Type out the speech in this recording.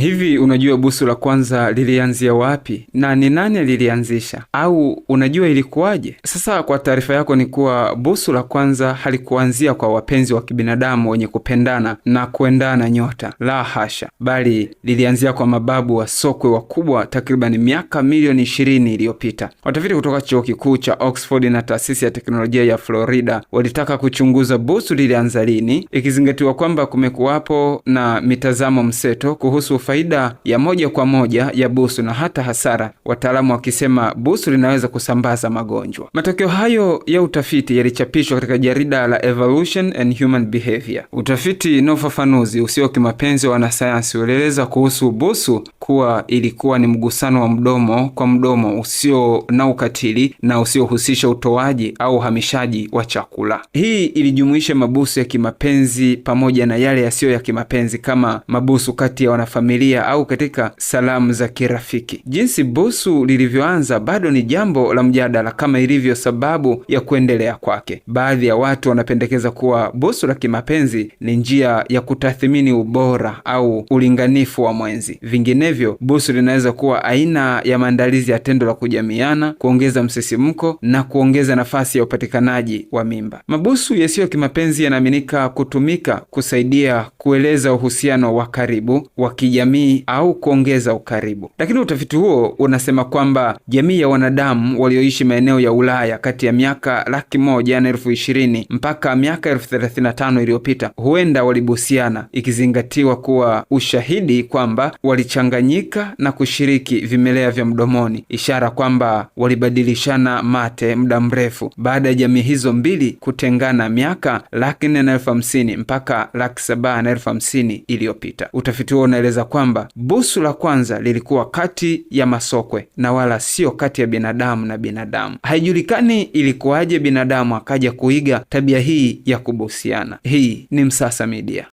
Hivi unajua busu la kwanza lilianzia wapi na ni nani alilianzisha, au unajua ilikuwaje? Sasa kwa taarifa yako ni kuwa busu la kwanza halikuanzia kwa wapenzi wa kibinadamu wenye kupendana na kuendana nyota, la hasha, bali lilianzia kwa mababu wa sokwe wakubwa takribani miaka milioni ishirini iliyopita. Watafiti kutoka chuo kikuu cha Oxford na taasisi ya teknolojia ya Florida walitaka kuchunguza busu lilianza lini, ikizingatiwa kwamba kumekuwapo na mitazamo mseto kuhusu faida ya moja kwa moja ya busu na hata hasara, wataalamu wakisema busu linaweza kusambaza magonjwa. Matokeo hayo ya utafiti yalichapishwa katika jarida la Evolution and Human Behavior. Utafiti na ufafanuzi usio kimapenzi wa wanasayansi ulieleza kuhusu busu kuwa ilikuwa ni mgusano wa mdomo kwa mdomo usio na ukatili na usiohusisha utoaji au uhamishaji wa chakula. Hii ilijumuisha mabusu ya kimapenzi pamoja na yale yasiyo ya kimapenzi kama mabusu kati ya wanafamilia au katika salamu za kirafiki. Jinsi busu lilivyoanza bado ni jambo la mjadala, kama ilivyo sababu ya kuendelea kwake. Baadhi ya watu wanapendekeza kuwa busu la kimapenzi ni njia ya kutathimini ubora au ulinganifu wa mwenzi. Vinginevyo hivyo busu linaweza kuwa aina ya maandalizi ya tendo la kujamiana, kuongeza msisimko na kuongeza nafasi ya upatikanaji wa mimba. Mabusu yasiyo kimapenzi yanaaminika kutumika kusaidia kueleza uhusiano wa karibu wa kijamii au kuongeza ukaribu, lakini utafiti huo unasema kwamba jamii ya wanadamu walioishi maeneo ya Ulaya kati ya miaka laki moja na elfu ishirini mpaka miaka elfu thelathini na tano iliyopita huenda walibusiana, ikizingatiwa kuwa ushahidi kwamba walichanga kuchanganyika na kushiriki vimelea vya mdomoni, ishara kwamba walibadilishana mate muda mrefu, baada ya jamii hizo mbili kutengana miaka laki nne na elfu hamsini mpaka laki saba na elfu hamsini iliyopita. Utafiti huo unaeleza kwamba busu la kwanza lilikuwa kati ya masokwe na wala sio kati ya binadamu na binadamu. Haijulikani ilikuwaje binadamu akaja kuiga tabia hii ya kubusiana. Hii ni Msasa Media.